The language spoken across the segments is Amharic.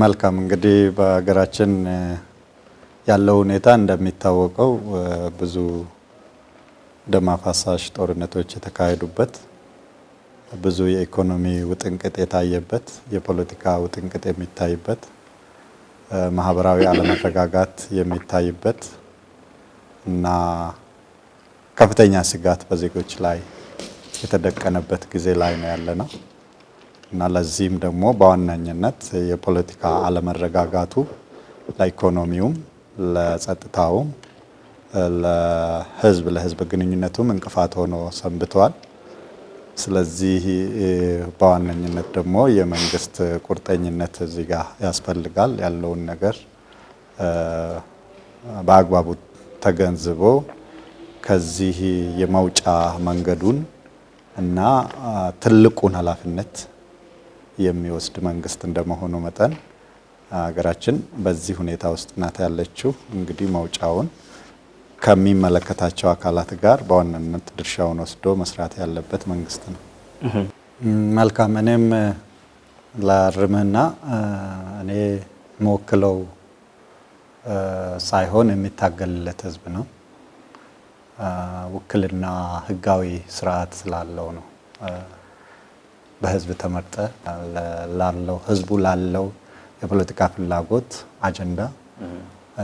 መልካም እንግዲህ በሀገራችን ያለው ሁኔታ እንደሚታወቀው ብዙ ደም አፋሳሽ ጦርነቶች የተካሄዱበት ብዙ የኢኮኖሚ ውጥንቅጥ የታየበት፣ የፖለቲካ ውጥንቅጥ የሚታይበት፣ ማህበራዊ አለመረጋጋት የሚታይበት እና ከፍተኛ ስጋት በዜጎች ላይ የተደቀነበት ጊዜ ላይ ነው ያለ ነው። እና ለዚህም ደግሞ በዋነኝነት የፖለቲካ አለመረጋጋቱ ለኢኮኖሚውም፣ ለጸጥታውም፣ ለህዝብ ለህዝብ ግንኙነቱም እንቅፋት ሆኖ ሰንብተዋል። ስለዚህ በዋነኝነት ደግሞ የመንግስት ቁርጠኝነት እዚህ ጋር ያስፈልጋል። ያለውን ነገር በአግባቡ ተገንዝቦ ከዚህ የመውጫ መንገዱን እና ትልቁን ኃላፊነት የሚወስድ መንግስት እንደመሆኑ መጠን ሀገራችን በዚህ ሁኔታ ውስጥ ናት ያለችው። እንግዲህ መውጫውን ከሚመለከታቸው አካላት ጋር በዋናነት ድርሻውን ወስዶ መስራት ያለበት መንግስት ነው። መልካም። እኔም ላርምህና እኔ መወክለው ሳይሆን የሚታገልለት ህዝብ ነው። ውክልና ህጋዊ ስርዓት ስላለው ነው። በህዝብ ተመርጠ ላለው ህዝቡ ላለው የፖለቲካ ፍላጎት አጀንዳ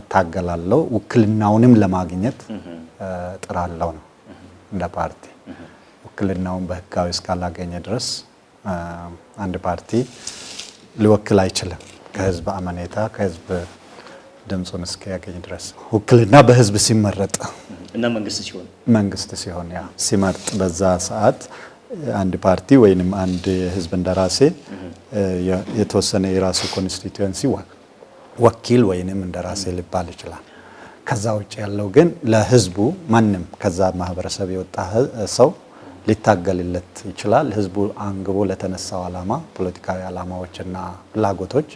እታገላለው ውክልናውንም ለማግኘት ጥራለው ነው። እንደ ፓርቲ ውክልናውን በህጋዊ እስካላገኘ ድረስ አንድ ፓርቲ ሊወክል አይችልም። ከህዝብ አመኔታ ከህዝብ ድምፁን እስኪያገኝ ድረስ ውክልና በህዝብ ሲመረጥ እና መንግስት ሲሆን መንግስት ሲሆን ያ ሲመርጥ በዛ ሰዓት አንድ ፓርቲ ወይንም አንድ ህዝብ እንደራሴ የተወሰነ የራሱ ኮንስቲትዌንሲ ወኪል ወይንም እንደራሴ ሊባል ይችላል። ከዛ ውጭ ያለው ግን ለህዝቡ ማንም ከዛ ማህበረሰብ የወጣ ሰው ሊታገልለት ይችላል። ህዝቡ አንግቦ ለተነሳው አላማ ፖለቲካዊ ዓላማዎችና ፍላጎቶች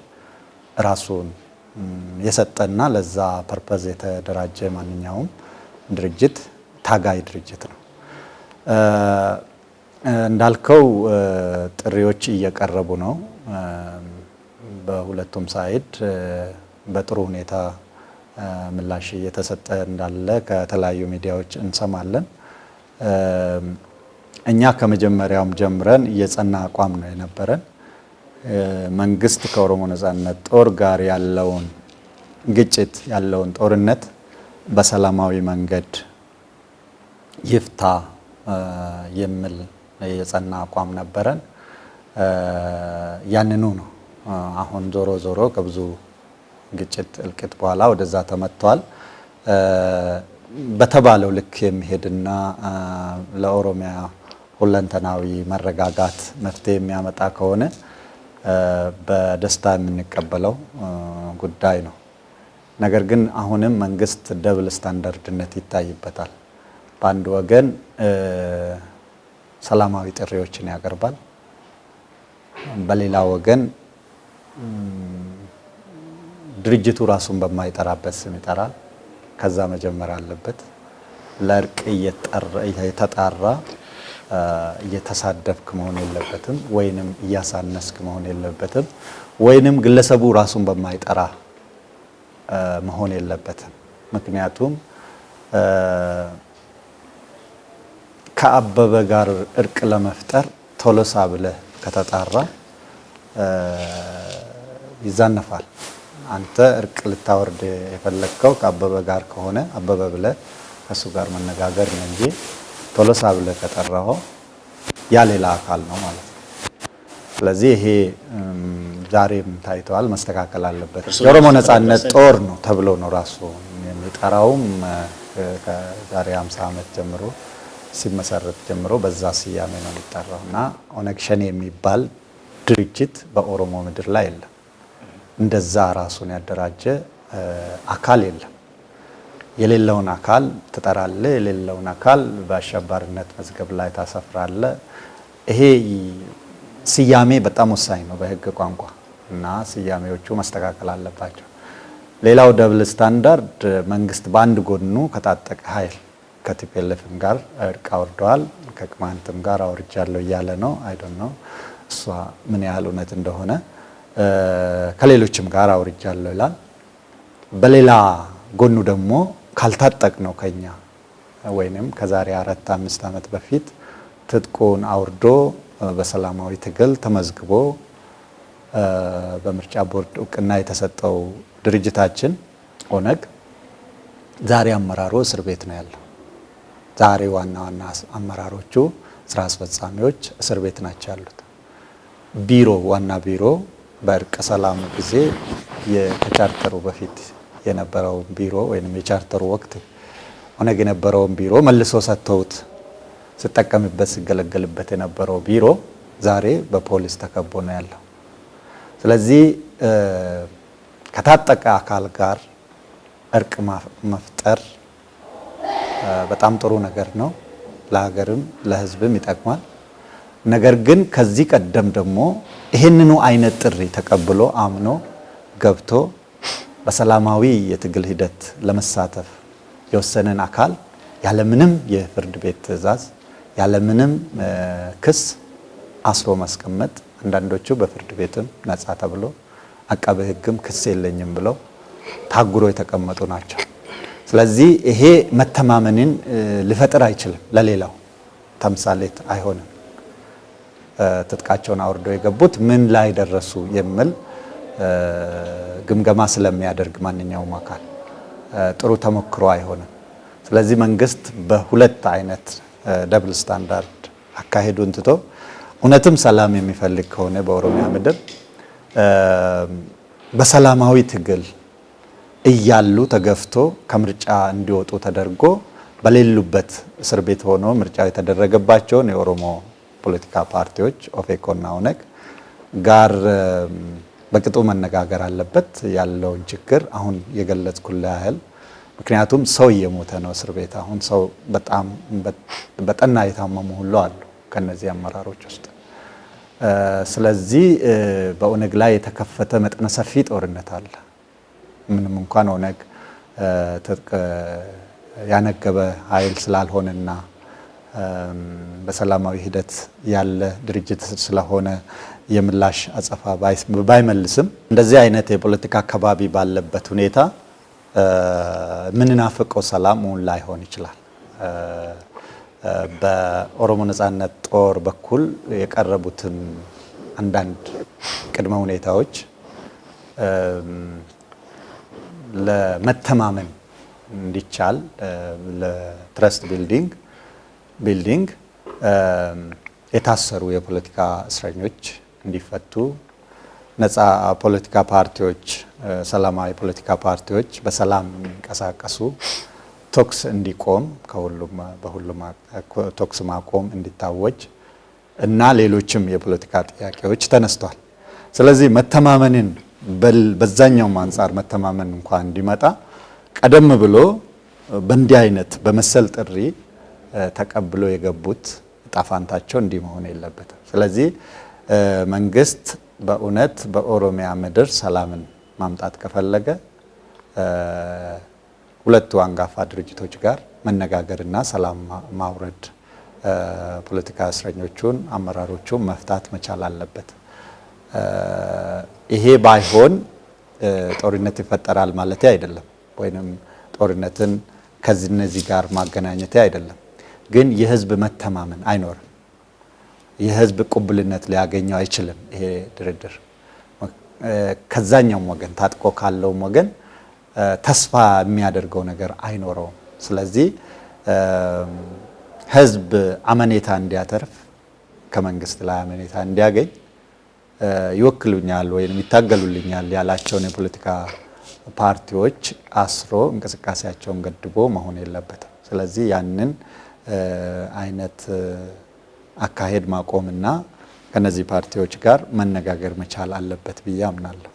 ራሱን የሰጠና ለዛ ፐርፐዝ የተደራጀ ማንኛውም ድርጅት ታጋይ ድርጅት ነው። እንዳልከው ጥሪዎች እየቀረቡ ነው። በሁለቱም ሳይድ በጥሩ ሁኔታ ምላሽ እየተሰጠ እንዳለ ከተለያዩ ሚዲያዎች እንሰማለን። እኛ ከመጀመሪያውም ጀምረን የጸና አቋም ነው የነበረን። መንግስት ከኦሮሞ ነጻነት ጦር ጋር ያለውን ግጭት ያለውን ጦርነት በሰላማዊ መንገድ ይፍታ የሚል የጸና አቋም ነበረን። ያንኑ ነው። አሁን ዞሮ ዞሮ ከብዙ ግጭት እልቅት በኋላ ወደዛ ተመጥቷል። በተባለው ልክ የሚሄድና ለኦሮሚያ ሁለንተናዊ መረጋጋት መፍትሄ የሚያመጣ ከሆነ በደስታ የምንቀበለው ጉዳይ ነው። ነገር ግን አሁንም መንግስት ደብል ስታንዳርድነት ይታይበታል። በአንድ ወገን ሰላማዊ ጥሪዎችን ያቀርባል። በሌላ ወገን ድርጅቱ ራሱን በማይጠራበት ስም ይጠራል። ከዛ መጀመር አለበት። ለእርቅ የተጣራ እየተሳደብክ መሆን የለበትም፣ ወይንም እያሳነስክ መሆን የለበትም፣ ወይንም ግለሰቡ ራሱን በማይጠራ መሆን የለበትም። ምክንያቱም ከአበበ ጋር እርቅ ለመፍጠር ቶሎሳ ብለህ ከተጣራ ይዛነፋል። አንተ እርቅ ልታወርድ የፈለግከው ከአበበ ጋር ከሆነ አበበ ብለህ ከእሱ ጋር መነጋገር ነው እንጂ ቶሎሳ ብለህ ከጠራኸው ያ ሌላ አካል ነው ማለት ነው። ስለዚህ ይሄ ዛሬም ታይተዋል፣ መስተካከል አለበት። የኦሮሞ ነጻነት ጦር ነው ተብሎ ነው ራሱ የሚጠራውም ከዛሬ 50 ዓመት ጀምሮ ሲመሰረት ጀምሮ በዛ ስያሜ ነው የሚጠራው እና ኦነግ ሸኔ የሚባል ድርጅት በኦሮሞ ምድር ላይ የለም። እንደዛ ራሱን ያደራጀ አካል የለም። የሌለውን አካል ትጠራለ፣ የሌለውን አካል በአሸባሪነት መዝገብ ላይ ታሰፍራለ። ይሄ ስያሜ በጣም ወሳኝ ነው በህግ ቋንቋ እና ስያሜዎቹ መስተካከል አለባቸው። ሌላው ደብል ስታንዳርድ መንግስት በአንድ ጎኑ ከታጠቀ ኃይል ከቲፒኤልኤፍም ጋር እርቅ አውርደዋል፣ ከቅማንትም ጋር አውርጃለሁ እያለ ነው። አይዶን ነው እሷ ምን ያህል እውነት እንደሆነ ከሌሎችም ጋር አውርጃለሁ ይላል። በሌላ ጎኑ ደግሞ ካልታጠቅ ነው ከኛ ወይንም ከዛሬ አራት አምስት ዓመት በፊት ትጥቁን አውርዶ በሰላማዊ ትግል ተመዝግቦ በምርጫ ቦርድ እውቅና የተሰጠው ድርጅታችን ኦነግ ዛሬ አመራሩ እስር ቤት ነው ያለው። ዛሬ ዋና ዋና አመራሮቹ ስራ አስፈጻሚዎች እስር ቤት ናቸው ያሉት። ቢሮ ዋና ቢሮ በእርቀ ሰላሙ ጊዜ ከቻርተሩ በፊት የነበረውን ቢሮ ወይም የቻርተሩ ወቅት ኦነግ የነበረውን ቢሮ መልሶ ሰጥተውት ስጠቀምበት ስገለገልበት የነበረው ቢሮ ዛሬ በፖሊስ ተከቦ ነው ያለው። ስለዚህ ከታጠቀ አካል ጋር እርቅ መፍጠር በጣም ጥሩ ነገር ነው። ለሀገርም ለህዝብም ይጠቅማል። ነገር ግን ከዚህ ቀደም ደግሞ ይህንኑ አይነት ጥሪ ተቀብሎ አምኖ ገብቶ በሰላማዊ የትግል ሂደት ለመሳተፍ የወሰነን አካል ያለምንም የፍርድ ቤት ትዕዛዝ ያለምንም ክስ አስሮ ማስቀመጥ አንዳንዶቹ በፍርድ ቤትም ነጻ ተብሎ አቃቤ ህግም ክስ የለኝም ብለው ታጉሮ የተቀመጡ ናቸው። ስለዚህ ይሄ መተማመንን ሊፈጥር አይችልም። ለሌላው ተምሳሌት አይሆንም። ትጥቃቸውን አውርደው የገቡት ምን ላይ ደረሱ የሚል ግምገማ ስለሚያደርግ ማንኛውም አካል ጥሩ ተሞክሮ አይሆንም። ስለዚህ መንግስት በሁለት አይነት ደብል ስታንዳርድ አካሄዱን ትቶ እውነትም ሰላም የሚፈልግ ከሆነ በኦሮሚያ ምድር በሰላማዊ ትግል እያሉ ተገፍቶ ከምርጫ እንዲወጡ ተደርጎ በሌሉበት እስር ቤት ሆኖ ምርጫ የተደረገባቸውን የኦሮሞ ፖለቲካ ፓርቲዎች ኦፌኮና ኦነግ ጋር በቅጡ መነጋገር አለበት ያለውን ችግር አሁን የገለጽኩት ያህል ምክንያቱም ሰው እየሞተ ነው እስር ቤት አሁን ሰው በጣም በጠና የታመሙ ሁሉ አሉ ከነዚህ አመራሮች ውስጥ ስለዚህ በኦነግ ላይ የተከፈተ መጠነ ሰፊ ጦርነት አለ ምንም እንኳን ኦነግ ትጥቅ ያነገበ ኃይል ስላልሆነና በሰላማዊ ሂደት ያለ ድርጅት ስለሆነ የምላሽ አጸፋ ባይመልስም እንደዚህ አይነት የፖለቲካ አካባቢ ባለበት ሁኔታ ምንናፍቀው ሰላም እውን ላይሆን ይችላል። በኦሮሞ ነጻነት ጦር በኩል የቀረቡትን አንዳንድ ቅድመ ሁኔታዎች ለመተማመን እንዲቻል ለትረስት ቢልዲንግ ቢልዲንግ የታሰሩ የፖለቲካ እስረኞች እንዲፈቱ ነፃ ፖለቲካ ፓርቲዎች፣ ሰላማዊ ፖለቲካ ፓርቲዎች በሰላም የሚንቀሳቀሱ ቶክስ እንዲቆም ከሁሉም በሁሉም ቶክስ ማቆም እንዲታወጅ እና ሌሎችም የፖለቲካ ጥያቄዎች ተነስቷል። ስለዚህ መተማመንን በዛኛውም አንጻር መተማመን እንኳን እንዲመጣ ቀደም ብሎ በእንዲህ አይነት በመሰል ጥሪ ተቀብሎ የገቡት ጣፋንታቸው እንዲህ መሆን የለበትም። ስለዚህ መንግስት በእውነት በኦሮሚያ ምድር ሰላምን ማምጣት ከፈለገ ሁለቱ አንጋፋ ድርጅቶች ጋር መነጋገርና ሰላም ማውረድ ፖለቲካ እስረኞቹን አመራሮቹን መፍታት መቻል አለበት። ይሄ ባይሆን ጦርነት ይፈጠራል ማለት አይደለም፣ ወይም ጦርነትን ከዚህ እነዚህ ጋር ማገናኘት አይደለም። ግን የህዝብ መተማመን አይኖርም። የህዝብ ቁብልነት ሊያገኘው አይችልም ይሄ ድርድር። ከዛኛውም ወገን ታጥቆ ካለውም ወገን ተስፋ የሚያደርገው ነገር አይኖረውም። ስለዚህ ህዝብ አመኔታ እንዲያተርፍ ከመንግስት ላይ አመኔታ እንዲያገኝ ይወክሉኛል ወይም ይታገሉልኛል ያላቸውን የፖለቲካ ፓርቲዎች አስሮ እንቅስቃሴያቸውን ገድቦ መሆን የለበትም። ስለዚህ ያንን አይነት አካሄድ ማቆምና ከነዚህ ፓርቲዎች ጋር መነጋገር መቻል አለበት ብዬ አምናለሁ።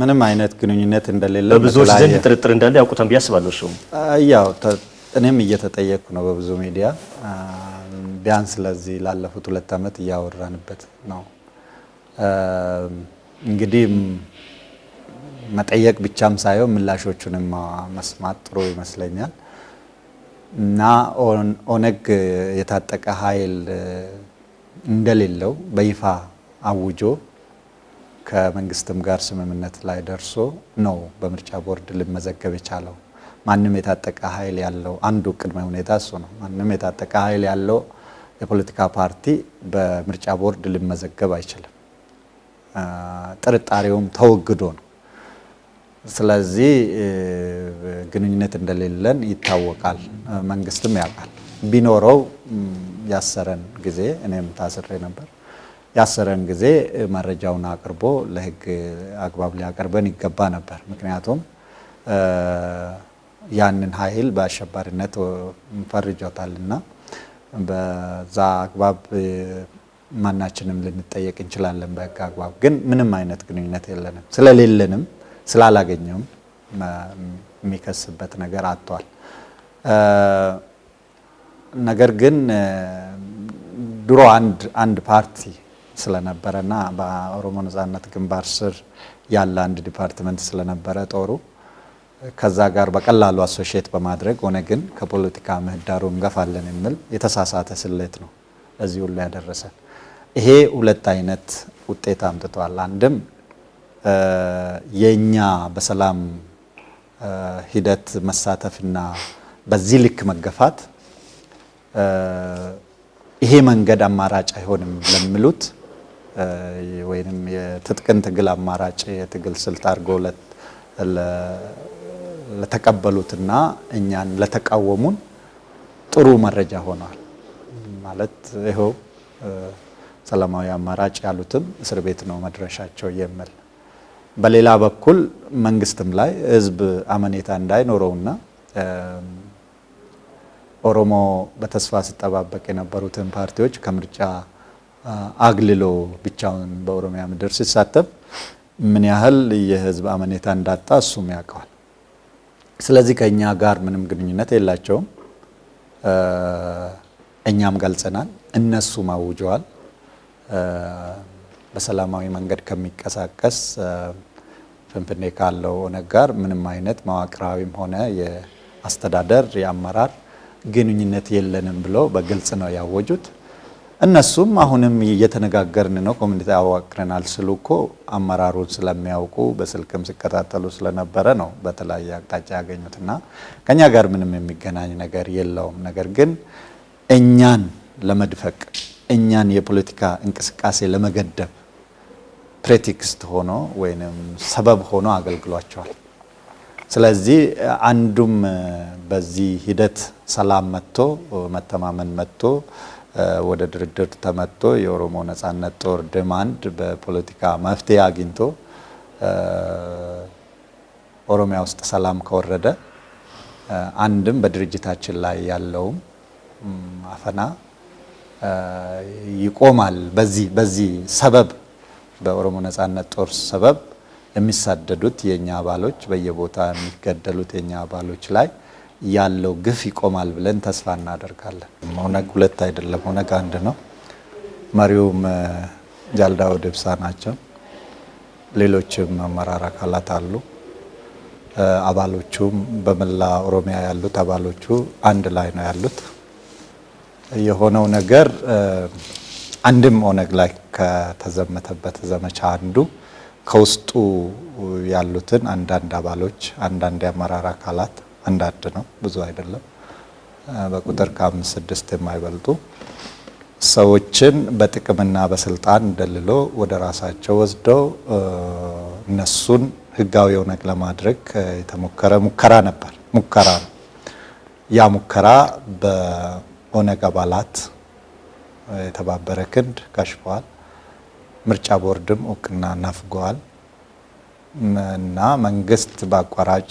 ምንም አይነት ግንኙነት እንደሌለ በብዙዎች ዘንድ ጥርጥር እንዳለ ያውቁታል ብዬ አስባለሁ። እሱ ያው እኔም እየተጠየቅኩ ነው በብዙ ሚዲያ ቢያንስ ለዚህ ላለፉት ሁለት ዓመት እያወራንበት ነው። እንግዲህ መጠየቅ ብቻም ሳይሆን ምላሾቹንም መስማት ጥሩ ይመስለኛል እና ኦነግ የታጠቀ ኃይል እንደሌለው በይፋ አውጆ ከመንግስትም ጋር ስምምነት ላይ ደርሶ ነው በምርጫ ቦርድ ልመዘገብ የቻለው። ማንም የታጠቀ ኃይል ያለው አንዱ ቅድመ ሁኔታ እሱ ነው። ማንም የታጠቀ ኃይል ያለው የፖለቲካ ፓርቲ በምርጫ ቦርድ ልመዘገብ አይችልም። ጥርጣሬውም ተወግዶ ነው። ስለዚህ ግንኙነት እንደሌለን ይታወቃል፣ መንግስትም ያውቃል። ቢኖረው ያሰረን ጊዜ እኔም ታስሬ ነበር። ያሰረን ጊዜ መረጃውን አቅርቦ ለህግ አግባብ ሊያቀርበን ይገባ ነበር። ምክንያቱም ያንን ኃይል በአሸባሪነት ፈርጆታልና በዛ አግባብ ማናችንም ልንጠየቅ እንችላለን በህግ አግባብ። ግን ምንም አይነት ግንኙነት የለንም። ስለሌለንም ስላላገኘውም የሚከስበት ነገር አጥቷል። ነገር ግን ድሮ አንድ አንድ ፓርቲ ስለነበረና በኦሮሞ ነጻነት ግንባር ስር ያለ አንድ ዲፓርትመንት ስለነበረ ጦሩ ከዛ ጋር በቀላሉ አሶሺየት በማድረግ ሆነ ግን ከፖለቲካ ምህዳሩ እንገፋለን የሚል የተሳሳተ ስሌት ነው እዚህ ሁሉ ያደረሰን። ይሄ ሁለት አይነት ውጤት አምጥቷል። አንድም የእኛ በሰላም ሂደት መሳተፍና በዚህ ልክ መገፋት ይሄ መንገድ አማራጭ አይሆንም ለሚሉት ወይም የትጥቅን ትግል አማራጭ የትግል ስልት አድርጎ ለተቀበሉትና እኛን ለተቃወሙን ጥሩ መረጃ ሆኗል ማለት ይኸው ሰላማዊ አማራጭ ያሉትም እስር ቤት ነው መድረሻቸው የሚል በሌላ በኩል መንግስትም ላይ ህዝብ አመኔታ እንዳይኖረውና ኦሮሞ በተስፋ ሲጠባበቅ የነበሩትን ፓርቲዎች ከምርጫ አግልሎ ብቻውን በኦሮሚያ ምድር ሲሳተፍ ምን ያህል የህዝብ አመኔታ እንዳጣ እሱም ያውቀዋል። ስለዚህ ከእኛ ጋር ምንም ግንኙነት የላቸውም። እኛም ገልጸናል፣ እነሱም አውጀዋል። በሰላማዊ መንገድ ከሚቀሳቀስ ፍንፍኔ ካለው ኦነግ ጋር ምንም አይነት መዋቅራዊም ሆነ የአስተዳደር የአመራር ግንኙነት የለንም ብሎ በግልጽ ነው ያወጁት። እነሱም አሁንም እየተነጋገርን ነው፣ ኮሚኒቲ አዋቅረናል ስሉ እኮ አመራሩን ስለሚያውቁ በስልክም ሲከታተሉ ስለነበረ ነው በተለያየ አቅጣጫ ያገኙት እና ከኛ ጋር ምንም የሚገናኝ ነገር የለውም። ነገር ግን እኛን ለመድፈቅ እኛን የፖለቲካ እንቅስቃሴ ለመገደብ ፕሬቲክስት ሆኖ ወይም ሰበብ ሆኖ አገልግሏቸዋል። ስለዚህ አንዱም በዚህ ሂደት ሰላም መጥቶ መተማመን መጥቶ ወደ ድርድር ተመጥቶ የኦሮሞ ነጻነት ጦር ድማንድ በፖለቲካ መፍትሄ አግኝቶ ኦሮሚያ ውስጥ ሰላም ከወረደ አንድም በድርጅታችን ላይ ያለውም አፈና ይቆማል። በዚህ በዚህ ሰበብ በኦሮሞ ነጻነት ጦር ሰበብ የሚሳደዱት የኛ አባሎች በየቦታ የሚገደሉት የኛ አባሎች ላይ ያለው ግፍ ይቆማል ብለን ተስፋ እናደርጋለን። ኦነግ ሁለት አይደለም፣ ኦነግ አንድ ነው። መሪውም ጃልዳው ደብሳ ናቸው። ሌሎችም አመራር አካላት አሉ። አባሎቹም በመላ ኦሮሚያ ያሉት አባሎቹ አንድ ላይ ነው ያሉት። የሆነው ነገር አንድም ኦነግ ላይ ከተዘመተበት ዘመቻ አንዱ ከውስጡ ያሉትን አንዳንድ አባሎች አንዳንድ የአመራር አካላት አንዳንድ ነው፣ ብዙ አይደለም፣ በቁጥር ከአምስት ስድስት የማይበልጡ ሰዎችን በጥቅምና በስልጣን ደልሎ ወደ ራሳቸው ወስደው እነሱን ህጋዊ ኦነግ ለማድረግ የተሞከረ ሙከራ ነበር። ሙከራ ነው ያ ሙከራ ኦነግ አባላት የተባበረ ክንድ ከሽፈዋል። ምርጫ ቦርድም እውቅና ናፍገዋል እና መንግስት በአቋራጭ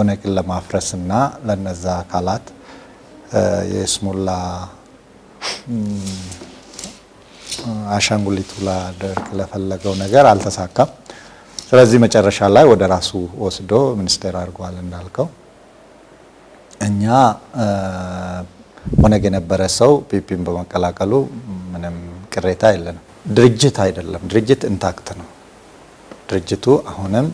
ኦነግን ለማፍረስ እና ለነዛ አካላት የስሙላ አሻንጉሊቱ ላደርግ ለፈለገው ነገር አልተሳካም። ስለዚህ መጨረሻ ላይ ወደ ራሱ ወስዶ ሚኒስቴር አድርጓል እንዳልከው እኛ ኦነግ የነበረ ሰው ፒፒን በመቀላቀሉ ምንም ቅሬታ የለንም። ድርጅት አይደለም፣ ድርጅት ኢንታክት ነው። ድርጅቱ አሁንም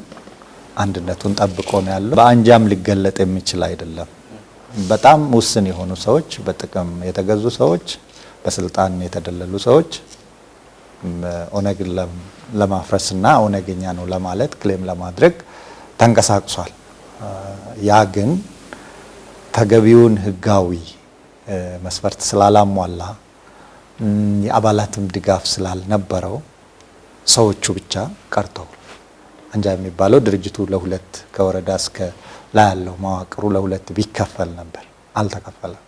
አንድነቱን ጠብቆ ነው ያለው። በአንጃም ሊገለጥ የሚችል አይደለም። በጣም ውስን የሆኑ ሰዎች፣ በጥቅም የተገዙ ሰዎች፣ በስልጣን የተደለሉ ሰዎች ኦነግን ለማፍረስና ኦነግኛ ነው ለማለት ክሌም ለማድረግ ተንቀሳቅሷል። ያ ግን ተገቢውን ህጋዊ መስፈርት ስላላሟላ የአባላትም ድጋፍ ስላልነበረው ሰዎቹ ብቻ ቀርተው አንጃ የሚባለው ድርጅቱ ለሁለት ከወረዳ እስከ ላይ ያለው መዋቅሩ ለሁለት ቢከፈል ነበር። አልተከፈለም።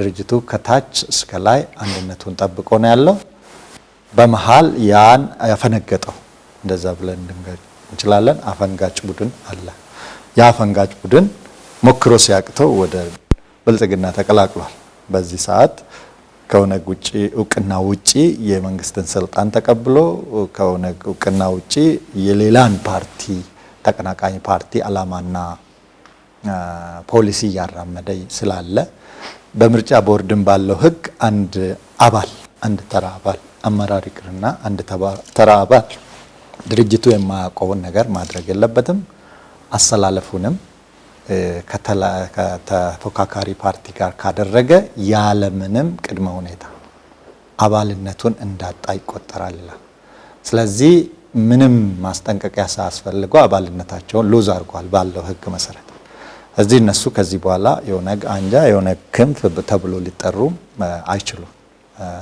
ድርጅቱ ከታች እስከ ላይ አንድነቱን ጠብቆ ነው ያለው። በመሀል ያን ያፈነገጠው እንደዛ ብለን እንችላለን አፈንጋጭ ቡድን አለ። የአፈንጋጭ ቡድን ሞክሮ ሲያቅተው ወደ ብልጽግና ተቀላቅሏል። በዚህ ሰዓት ከኦነግ ውጭ እውቅና ውጪ የመንግስትን ስልጣን ተቀብሎ ከኦነግ እውቅና ውጪ የሌላን ፓርቲ ተቀናቃኝ ፓርቲ አላማና ፖሊሲ እያራመደ ስላለ በምርጫ ቦርድን ባለው ህግ አንድ አባል አንድ ተራ አባል አመራር ይቅርና አንድ ተራ አባል ድርጅቱ የማያውቀውን ነገር ማድረግ የለበትም። አሰላለፉንም ከተፎካካሪ ፓርቲ ጋር ካደረገ ያለምንም ቅድመ ሁኔታ አባልነቱን እንዳጣ ይቆጠራል ይላል። ስለዚህ ምንም ማስጠንቀቂያ ሳያስፈልገው አባልነታቸውን ሉዝ አድርጓል ባለው ህግ መሰረት እዚህ እነሱ ከዚህ በኋላ የኦነግ አንጃ የኦነግ ክንፍ ተብሎ ሊጠሩ አይችሉም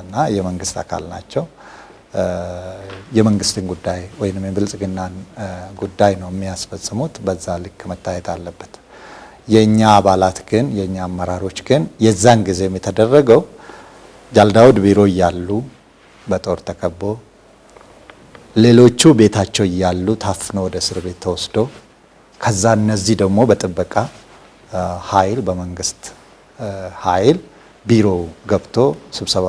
እና የመንግስት አካል ናቸው። የመንግስትን ጉዳይ ወይም የብልጽግናን ጉዳይ ነው የሚያስፈጽሙት። በዛ ልክ መታየት አለበት። የእኛ አባላት ግን የእኛ አመራሮች ግን የዛን ጊዜም የተደረገው ጃልዳውድ ቢሮ እያሉ በጦር ተከቦ ሌሎቹ ቤታቸው እያሉ ታፍኖ ወደ እስር ቤት ተወስዶ ከዛ እነዚህ ደግሞ በጥበቃ ኃይል በመንግስት ኃይል ቢሮ ገብቶ ስብሰባ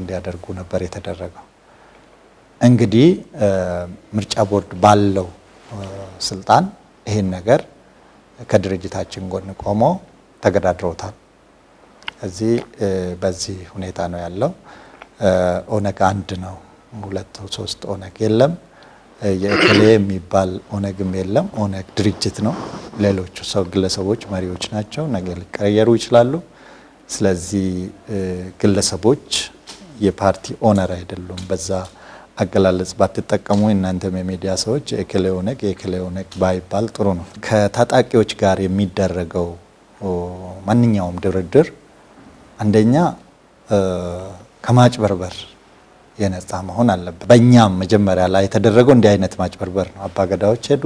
እንዲያደርጉ ነበር የተደረገው። እንግዲህ ምርጫ ቦርድ ባለው ስልጣን ይሄን ነገር ከድርጅታችን ጎን ቆሞ ተገዳድረውታል። እዚህ በዚህ ሁኔታ ነው ያለው። ኦነግ አንድ ነው፣ ሁለት ሶስት ኦነግ የለም። የእከሌ የሚባል ኦነግም የለም። ኦነግ ድርጅት ነው። ሌሎቹ ሰው ግለሰቦች መሪዎች ናቸው፣ ነገ ሊቀየሩ ይችላሉ። ስለዚህ ግለሰቦች የፓርቲ ኦነር አይደሉም በዛ አገላለጽ ባትጠቀሙ እናንተም የሚዲያ ሰዎች የክሌ ኦነግ የክሌ ኦነግ ባይባል ጥሩ ነው። ከታጣቂዎች ጋር የሚደረገው ማንኛውም ድርድር አንደኛ ከማጭበርበር የነጻ መሆን አለበት። በእኛም መጀመሪያ ላይ የተደረገው እንዲህ አይነት ማጭበርበር ነው። አባገዳዎች ሄዱ፣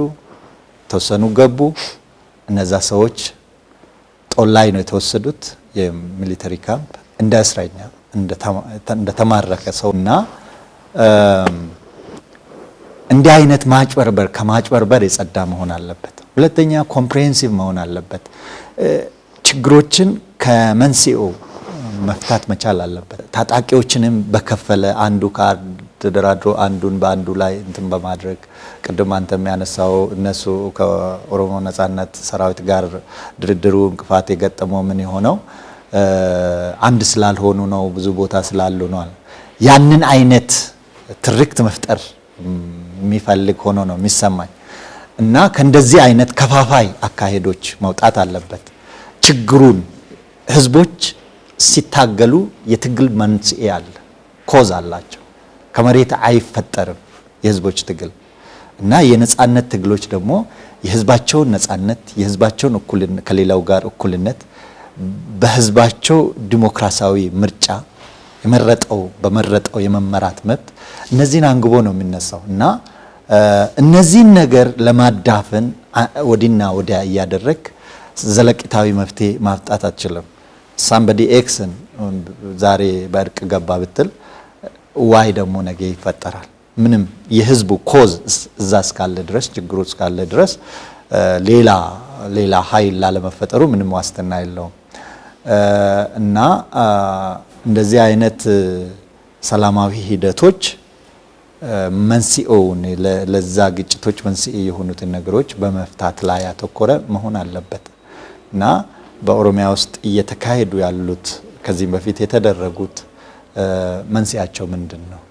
ተወሰኑ ገቡ። እነዛ ሰዎች ጦላይ ነው የተወሰዱት፣ የሚሊተሪ ካምፕ እንደ እስረኛ እንደተማረከ ሰው እና እንዲህ አይነት ማጭበርበር ከማጭበርበር የጸዳ መሆን አለበት። ሁለተኛ ኮምፕሬሄንሲቭ መሆን አለበት። ችግሮችን ከመንስኤው መፍታት መቻል አለበት። ታጣቂዎችንም በከፈለ አንዱ ካርድ ተደራድሮ አንዱን በአንዱ ላይ እንትን በማድረግ ቅድም አንተ የሚያነሳው እነሱ ከኦሮሞ ነጻነት ሰራዊት ጋር ድርድሩ እንቅፋት የገጠመው ምን የሆነው አንድ ስላልሆኑ ነው፣ ብዙ ቦታ ስላሉ ነዋል። ያንን አይነት ትርክት መፍጠር የሚፈልግ ሆኖ ነው የሚሰማኝ እና ከእንደዚህ አይነት ከፋፋይ አካሄዶች መውጣት አለበት። ችግሩን ህዝቦች ሲታገሉ የትግል መንስኤ አለ፣ ኮዝ አላቸው። ከመሬት አይፈጠርም የህዝቦች ትግል እና የነጻነት ትግሎች ደግሞ የህዝባቸውን ነጻነት የህዝባቸውን ከሌላው ጋር እኩልነት በህዝባቸው ዲሞክራሲያዊ ምርጫ የመረጠው በመረጠው የመመራት መብት እነዚህን አንግቦ ነው የሚነሳው እና እነዚህን ነገር ለማዳፈን ወዲና ወዲያ እያደረግ ዘለቂታዊ መፍትሄ ማፍጣት አትችልም። ሳምበዲ ኤክስን ዛሬ በእርቅ ገባ ብትል ዋይ ደግሞ ነገ ይፈጠራል። ምንም የህዝቡ ኮዝ እዛ እስካለ ድረስ ችግሩ እስካለ ድረስ ሌላ ሌላ ሀይል ላለመፈጠሩ ምንም ዋስትና የለውም እና እንደዚህ አይነት ሰላማዊ ሂደቶች መንስኤውን ለዛ ግጭቶች መንስኤ የሆኑትን ነገሮች በመፍታት ላይ ያተኮረ መሆን አለበት እና በኦሮሚያ ውስጥ እየተካሄዱ ያሉት ከዚህም በፊት የተደረጉት መንስኤያቸው ምንድን ነው?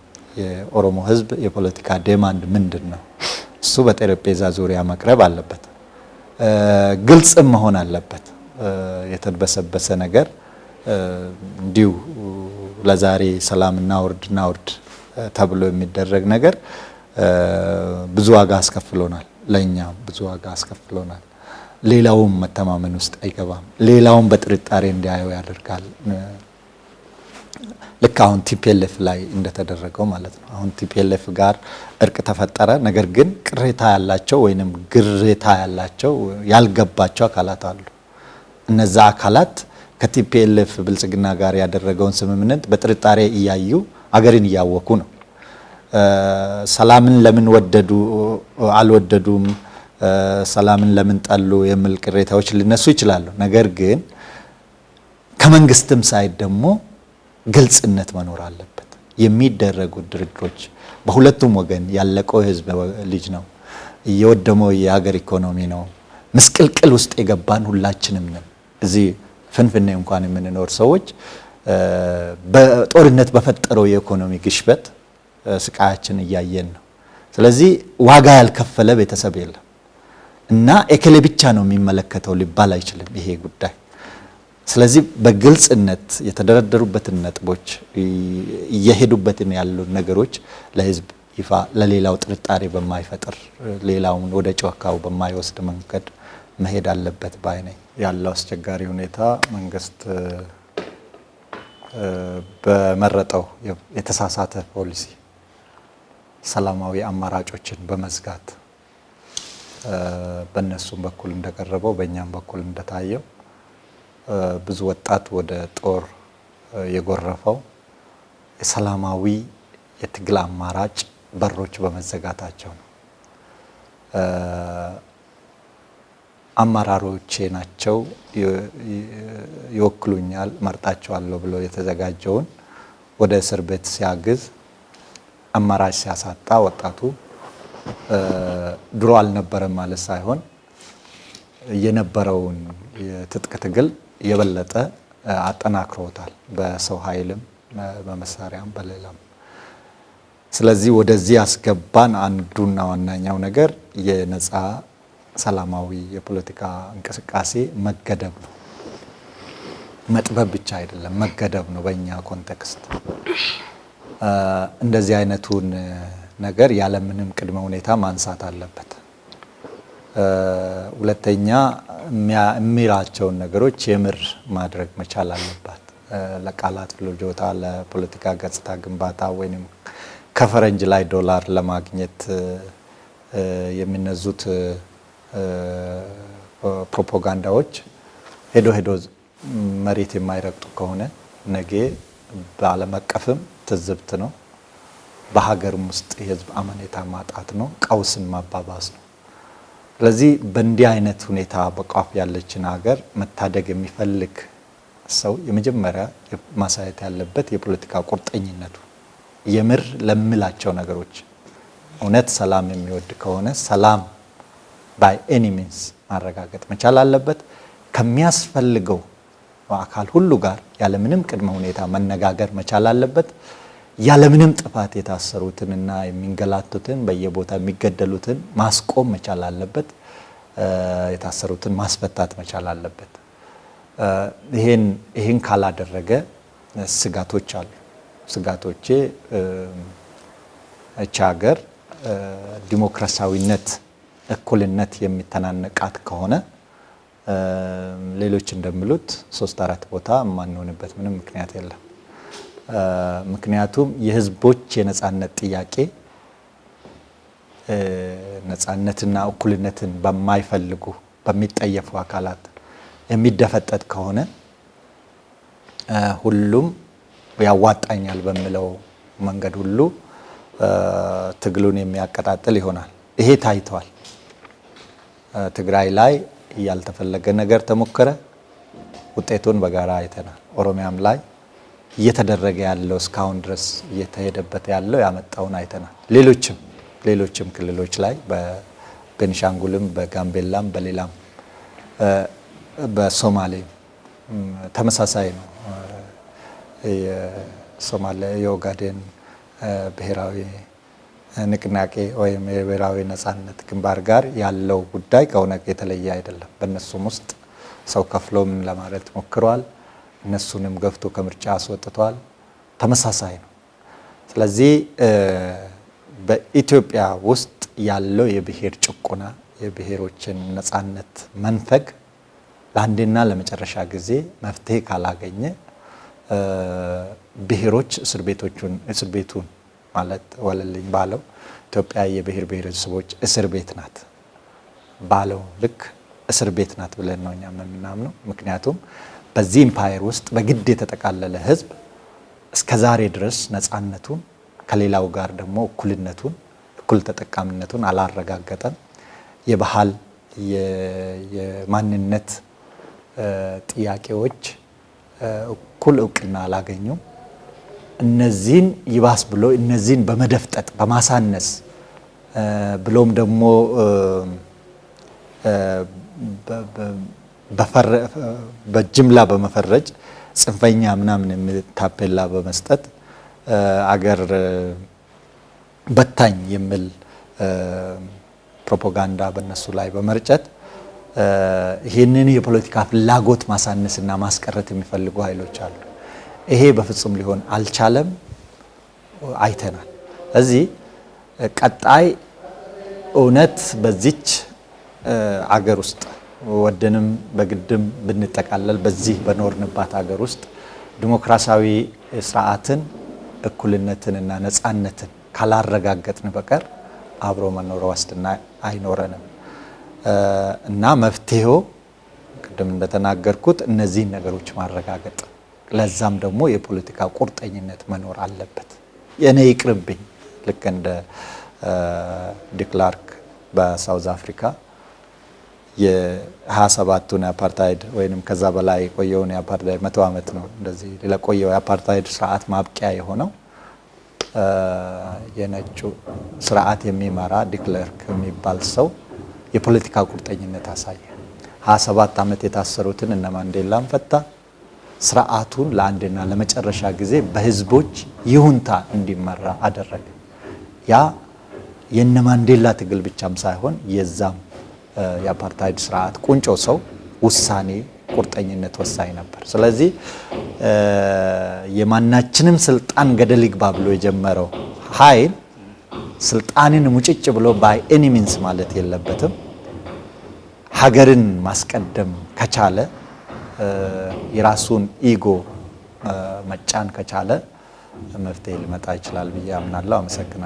የኦሮሞ ህዝብ የፖለቲካ ዴማንድ ምንድን ነው? እሱ በጠረጴዛ ዙሪያ መቅረብ አለበት። ግልጽም መሆን አለበት። የተድበሰበሰ ነገር እንዲሁ ለዛሬ ሰላም እናውርድ እናውርድ ተብሎ የሚደረግ ነገር ብዙ ዋጋ አስከፍሎናል። ለእኛ ብዙ ዋጋ አስከፍሎናል። ሌላውም መተማመን ውስጥ አይገባም። ሌላውም በጥርጣሬ እንዲያየው ያደርጋል። ልክ አሁን ቲፒኤልኤፍ ላይ እንደተደረገው ማለት ነው። አሁን ቲፒኤልኤፍ ጋር እርቅ ተፈጠረ። ነገር ግን ቅሬታ ያላቸው ወይንም ግሬታ ያላቸው ያልገባቸው አካላት አሉ። እነዛ አካላት ከቲፒኤልኤፍ ብልጽግና ጋር ያደረገውን ስምምነት በጥርጣሬ እያዩ አገርን እያወኩ ነው። ሰላምን ለምን ወደዱ አልወደዱም፣ ሰላምን ለምን ጠሉ የሚል ቅሬታዎች ሊነሱ ይችላሉ። ነገር ግን ከመንግስትም ሳይድ ደግሞ ግልጽነት መኖር አለበት። የሚደረጉ ድርድሮች በሁለቱም ወገን ያለቀው የህዝብ ልጅ ነው፣ የወደመው የሀገር ኢኮኖሚ ነው። ምስቅልቅል ውስጥ የገባን ሁላችንም ነን እዚህ ፍንፍኔ እንኳን የምንኖር ሰዎች በጦርነት በፈጠረው የኢኮኖሚ ግሽበት ስቃያችን እያየን ነው። ስለዚህ ዋጋ ያልከፈለ ቤተሰብ የለም እና ኤክሌ ብቻ ነው የሚመለከተው ሊባል አይችልም ይሄ ጉዳይ። ስለዚህ በግልጽነት የተደረደሩበትን ነጥቦች እየሄዱበትን ያሉ ነገሮች ለህዝብ ይፋ ለሌላው ጥርጣሬ በማይፈጥር ሌላውን ወደ ጨዋካው በማይወስድ መንገድ መሄድ አለበት ባይ ነኝ። ያለው አስቸጋሪ ሁኔታ መንግስት በመረጠው የተሳሳተ ፖሊሲ ሰላማዊ አማራጮችን በመዝጋት በእነሱም በኩል እንደቀረበው በእኛም በኩል እንደታየው ብዙ ወጣት ወደ ጦር የጎረፈው የሰላማዊ የትግል አማራጭ በሮች በመዘጋታቸው ነው። አመራሮቼ ናቸው ይወክሉኛል፣ መርጣቸዋለሁ ብሎ የተዘጋጀውን ወደ እስር ቤት ሲያግዝ አማራጭ ሲያሳጣ ወጣቱ ድሮ አልነበረም ማለት ሳይሆን የነበረውን የትጥቅ ትግል የበለጠ አጠናክሮታል፣ በሰው ኃይልም በመሳሪያም በሌላም። ስለዚህ ወደዚህ ያስገባን አንዱና ዋነኛው ነገር የነፃ ሰላማዊ የፖለቲካ እንቅስቃሴ መገደብ ነው። መጥበብ ብቻ አይደለም፣ መገደብ ነው። በእኛ ኮንቴክስት እንደዚህ አይነቱን ነገር ያለምንም ቅድመ ሁኔታ ማንሳት አለበት። ሁለተኛ የሚላቸውን ነገሮች የምር ማድረግ መቻል አለባት። ለቃላት ፍጆታ፣ ለፖለቲካ ገጽታ ግንባታ ወይም ከፈረንጅ ላይ ዶላር ለማግኘት የሚነዙት ፕሮፓጋንዳዎች ሄዶ ሄዶ መሬት የማይረግጡ ከሆነ ነገ በዓለም አቀፍም ትዝብት ነው፣ በሀገርም ውስጥ የህዝብ አመኔታ ማጣት ነው፣ ቀውስን ማባባስ ነው። ስለዚህ በእንዲህ አይነት ሁኔታ በቋፍ ያለችን ሀገር መታደግ የሚፈልግ ሰው የመጀመሪያ ማሳየት ያለበት የፖለቲካ ቁርጠኝነቱ የምር ለምላቸው ነገሮች እውነት ሰላም የሚወድ ከሆነ ሰላም ባይ ኤኒ ሚንስ ማረጋገጥ መቻል አለበት። ከሚያስፈልገው አካል ሁሉ ጋር ያለምንም ቅድመ ሁኔታ መነጋገር መቻል አለበት። ያለምንም ጥፋት የታሰሩትንና የሚንገላቱትን በየቦታ የሚገደሉትን ማስቆም መቻል አለበት። የታሰሩትን ማስፈታት መቻል አለበት። ይህን ካላደረገ ስጋቶች አሉ። ስጋቶቼ እች ሀገር ዲሞክራሲያዊነት እኩልነት የሚተናነቃት ከሆነ ሌሎች እንደሚሉት ሶስት አራት ቦታ የማንሆንበት ምንም ምክንያት የለም። ምክንያቱም የህዝቦች የነጻነት ጥያቄ ነጻነትና እኩልነትን በማይፈልጉ በሚጠየፉ አካላት የሚደፈጠጥ ከሆነ ሁሉም ያዋጣኛል በሚለው መንገድ ሁሉ ትግሉን የሚያቀጣጥል ይሆናል። ይሄ ታይተዋል። ትግራይ ላይ ያልተፈለገ ነገር ተሞከረ። ውጤቱን በጋራ አይተናል። ኦሮሚያም ላይ እየተደረገ ያለው እስካሁን ድረስ እየተሄደበት ያለው ያመጣውን አይተናል። ሌሎችም ሌሎችም ክልሎች ላይ በቤኒሻንጉልም፣ በጋምቤላም፣ በሌላም በሶማሌ ተመሳሳይ ነው። የሶማሌ የኦጋዴን ብሔራዊ ንቅናቄ ወይም የብሔራዊ ነጻነት ግንባር ጋር ያለው ጉዳይ ከኦነግ የተለየ አይደለም። በእነሱም ውስጥ ሰው ከፍሎ ምን ለማለት ሞክሯል። እነሱንም ገፍቶ ከምርጫ አስወጥቷል። ተመሳሳይ ነው። ስለዚህ በኢትዮጵያ ውስጥ ያለው የብሔር ጭቆና፣ የብሔሮችን ነጻነት መንፈግ ለአንዴና ለመጨረሻ ጊዜ መፍትሄ ካላገኘ ብሔሮች እስር ቤቱን ማለት ወለልኝ ባለው ኢትዮጵያ የብሔር ብሔረሰቦች እስር ቤት ናት ባለው ልክ እስር ቤት ናት ብለን ነው እኛም የምናምነው። ምክንያቱም በዚህ ኢምፓየር ውስጥ በግድ የተጠቃለለ ህዝብ እስከ ዛሬ ድረስ ነፃነቱን ከሌላው ጋር ደግሞ እኩልነቱን እኩል ተጠቃሚነቱን አላረጋገጠም። የባህል የማንነት ጥያቄዎች እኩል እውቅና አላገኙም። እነዚህን ይባስ ብሎ እነዚህን በመደፍጠጥ በማሳነስ ብሎም ደግሞ በጅምላ በመፈረጅ ጽንፈኛ ምናምን ታፔላ በመስጠት አገር በታኝ የሚል ፕሮፓጋንዳ በነሱ ላይ በመርጨት ይህንን የፖለቲካ ፍላጎት ማሳነስና ማስቀረት የሚፈልጉ ኃይሎች አሉ። ይሄ በፍጹም ሊሆን አልቻለም፣ አይተናል። እዚህ ቀጣይ እውነት በዚች አገር ውስጥ ወደንም በግድም ብንጠቃለል በዚህ በኖርንባት አገር ውስጥ ዲሞክራሲያዊ ስርዓትን እኩልነትንና ነፃነትን ካላረጋገጥን በቀር አብሮ መኖር ዋስትና አይኖረንም እና መፍትሄው ቅድም እንደተናገርኩት እነዚህን ነገሮች ማረጋገጥ ለዛም ደግሞ የፖለቲካ ቁርጠኝነት መኖር አለበት። የእኔ ይቅርብኝ ልክ እንደ ዲክላርክ በሳውዝ አፍሪካ የ 27 የአፓርታይድ ወይም ከዛ በላይ የቆየውን የአፓርታይድ መቶ ዓመት ነው እንደዚህ ለቆየው የአፓርታይድ ስርዓት ማብቂያ የሆነው የነጩ ስርዓት የሚመራ ዲክለርክ የሚባል ሰው የፖለቲካ ቁርጠኝነት አሳየ። ሀያ ሰባት ዓመት የታሰሩትን እነ ማንዴላን ፈታ። ስርዓቱን ለአንድና ለመጨረሻ ጊዜ በህዝቦች ይሁንታ እንዲመራ አደረገ። ያ የነ ማንዴላ ትግል ብቻም ሳይሆን የዛም የአፓርታይድ ስርዓት ቁንጮ ሰው ውሳኔ፣ ቁርጠኝነት ወሳኝ ነበር። ስለዚህ የማናችንም ስልጣን ገደል ይግባ ብሎ የጀመረው ኃይል ስልጣንን ሙጭጭ ብሎ ባይ ኤኒ ሚንስ ማለት የለበትም። ሀገርን ማስቀደም ከቻለ የራሱን ኢጎ መጫን ከቻለ መፍትሄ ሊመጣ ይችላል ብዬ አምናለሁ። አመሰግናለሁ።